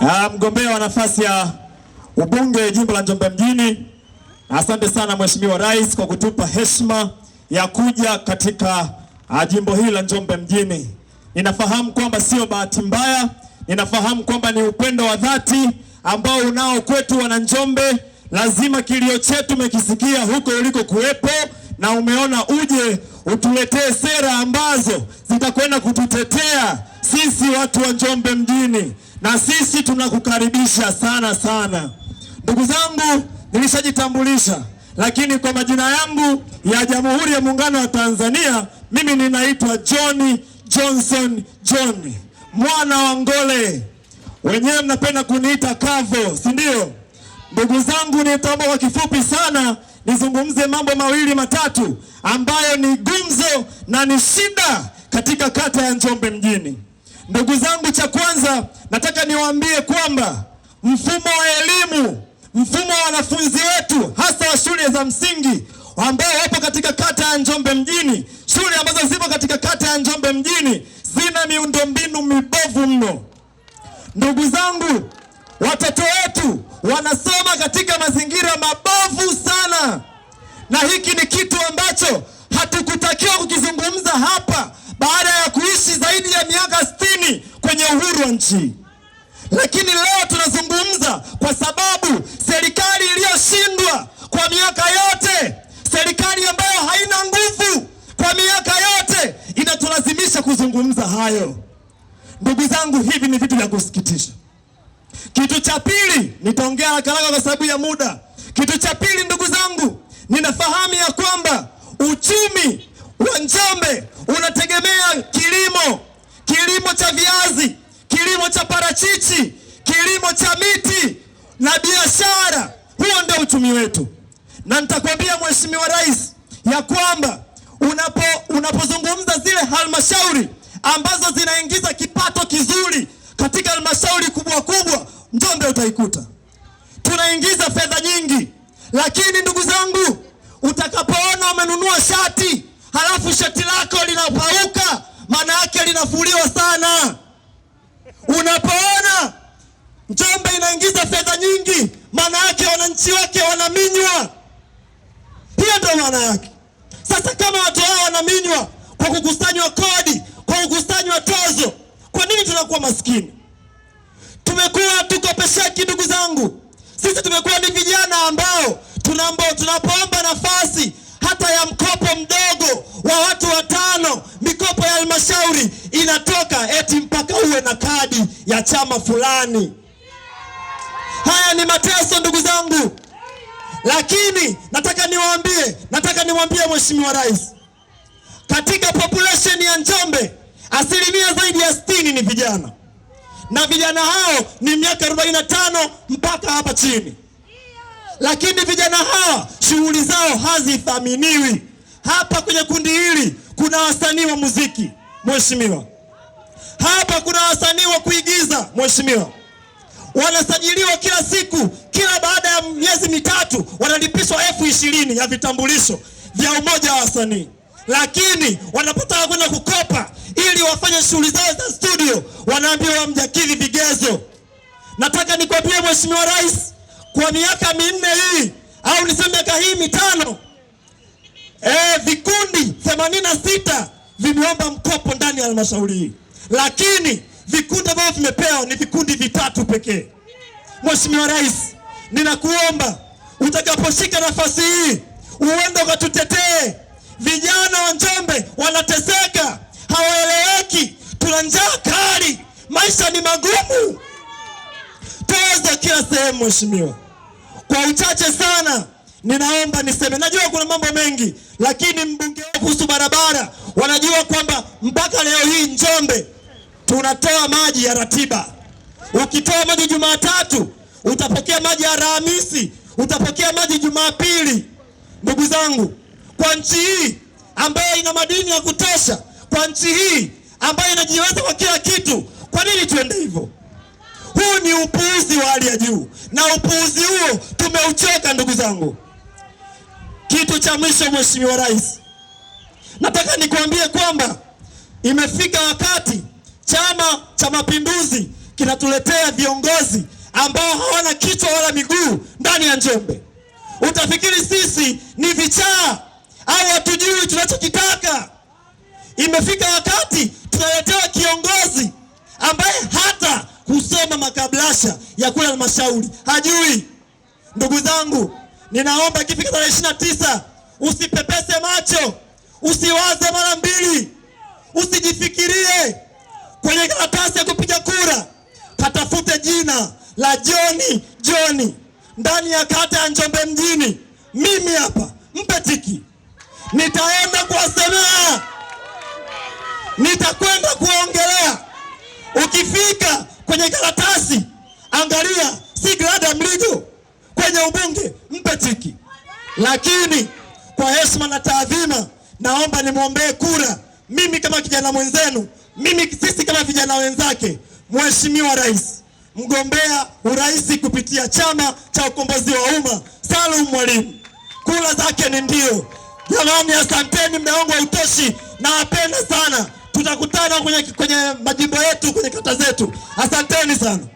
Ah, mgombea wa nafasi ya ubunge jimbo la Njombe mjini. Asante sana Mheshimiwa Rais kwa kutupa heshima ya kuja katika ah, jimbo hili la Njombe mjini. Ninafahamu kwamba sio bahati mbaya, ninafahamu kwamba ni upendo wa dhati ambao unao kwetu wana Njombe. Lazima kilio chetu umekisikia huko uliko kuwepo, na umeona uje utuletee sera ambazo zitakwenda kututetea sisi watu wa Njombe mjini na sisi tunakukaribisha sana sana. Ndugu zangu, nilishajitambulisha, lakini kwa majina yangu ya Jamhuri ya Muungano wa Tanzania, mimi ninaitwa John Johnson John mwana wa Ngole, wenyewe mnapenda kuniita Kavo, si ndio? Ndugu zangu, nitaomba kwa kifupi sana nizungumze mambo mawili matatu ambayo ni gumzo na ni shida katika kata ya Njombe mjini. Ndugu zangu, cha kwanza nataka niwaambie kwamba mfumo wa elimu, mfumo wa wanafunzi wetu hasa wa shule za msingi ambao wapo katika kata ya Njombe mjini, shule ambazo zipo katika kata ya Njombe mjini zina miundombinu mibovu mno. Ndugu zangu, watoto wetu wanasoma katika mazingira mabovu sana, na hiki ni kitu ambacho hatukutakiwa kukizungumza hapa. ya uhuru wa nchi. Lakini leo tunazungumza kwa sababu serikali iliyoshindwa kwa miaka yote, serikali ambayo haina nguvu kwa miaka yote, inatulazimisha kuzungumza hayo. Ndugu zangu, hivi ni vitu vya kusikitisha. Kitu cha pili, nitaongea haraka haraka kwa sababu ya muda. Kitu cha pili, ndugu zangu, ninafahamu ya kwamba uchumi wa Njombe unategemea kilimo kilimo cha viazi, kilimo cha parachichi, kilimo cha miti na biashara. Huo ndio uchumi wetu, na nitakwambia Mheshimiwa Rais ya kwamba unapo unapozungumza zile halmashauri ambazo zinaingiza kipato kizuri katika halmashauri kubwa kubwa, Njombe utaikuta tunaingiza fedha nyingi. Lakini ndugu zangu, utakapoona umenunua shati halafu shati lako linapauka manake linafuliwa sana. Unapoona Njombe inaingiza fedha nyingi, manake wananchi wake wanaminywa pia, ndo maana yake. Sasa kama watu hao wanaminywa kwa kukusanywa kodi, kwa kukusanywa tozo, kwa nini tunakuwa maskini? Tumekuwa tukopesheki, ndugu zangu. Sisi tumekuwa ni vijana ambao tunaomba nafasi hata ya mkopo mdogo wa watu watano, mikopo ya halmashauri inatoka eti mpaka uwe na kadi ya chama fulani. Haya ni mateso ndugu zangu, lakini nataka niwaambie, nataka niwaambie Mheshimiwa Rais, katika population ya Njombe asilimia zaidi ya 60 ni vijana na vijana hao ni miaka 45 mpaka hapa chini, lakini vijana hao shughuli zao hazithaminiwi. Hapa kwenye kundi hili kuna wasanii wa muziki, mheshimiwa. Hapa kuna wasanii wa kuigiza, mheshimiwa. Wanasajiliwa kila siku, kila baada ya miezi mitatu wanalipishwa elfu ishirini ya vitambulisho vya umoja wa wasanii, lakini wanapotaka kwenda kukopa ili wafanye shughuli zao za studio wanaambiwa hamjakidhi vigezo. Nataka nikwambie mheshimiwa rais, kwa miaka minne hii au niseme miaka hii mitano e, vikundi 86 vimeomba mkopo ndani ya halmashauri hii, lakini vikundi ambavyo vimepewa ni vikundi vitatu pekee. Mheshimiwa Rais, ninakuomba utakaposhika nafasi hii uende ukatutetee. Vijana wa Njombe wanateseka, hawaeleweki, tuna njaa kali, maisha ni magumu, toza kila sehemu mheshimiwa. Kwa uchache sana ninaomba niseme, najua kuna mambo mengi, lakini mbunge wao kuhusu barabara, wanajua kwamba mpaka leo hii Njombe tunatoa maji ya ratiba. Ukitoa maji Jumatatu utapokea maji ya Alhamisi, utapokea maji Jumapili. Ndugu zangu, kwa nchi hii ambayo ina madini ya kutosha, kwa nchi hii ambayo inajiweza kwa kila kitu, kwa nini tuende hivyo? ni upuuzi wa hali ya juu, na upuuzi huo tumeuchoka ndugu zangu. Kitu cha mwisho, Mheshimiwa Rais, nataka nikuambie kwamba imefika wakati Chama cha Mapinduzi kinatuletea viongozi ambao hawana kichwa wala miguu ndani ya Njombe. Utafikiri sisi ni vichaa au hatujui tunachokitaka. Imefika wakati tunaletewa kiongozi ambaye hata kusoma makablasha ya kule halmashauri, hajui. Ndugu zangu, ninaomba ikifika tarehe ishirini na tisa usipepese macho, usiwaze mara mbili, usijifikirie kwenye karatasi ya kupiga kura. Katafute jina la joni joni ndani ya kata ya Njombe mjini. Mimi hapa mpe tiki, nitaenda kuwasemea, nitakwenda kuongelea ukifika kwenye karatasi, angalia, si grada Mligo kwenye ubunge, mpe tiki. Lakini kwa heshima na taadhima, naomba nimwombee kura mimi kama kijana mwenzenu, mimi sisi kama vijana wenzake, Mheshimiwa Rais mgombea urais kupitia Chama cha Ukombozi wa Umma Salum Mwalimu, kura zake ni ndio. Jamani, asanteni, mmeongwa utoshi, nawapenda sana tutakutana kwenye, kwenye majimbo yetu kwenye kata zetu. Asanteni sana.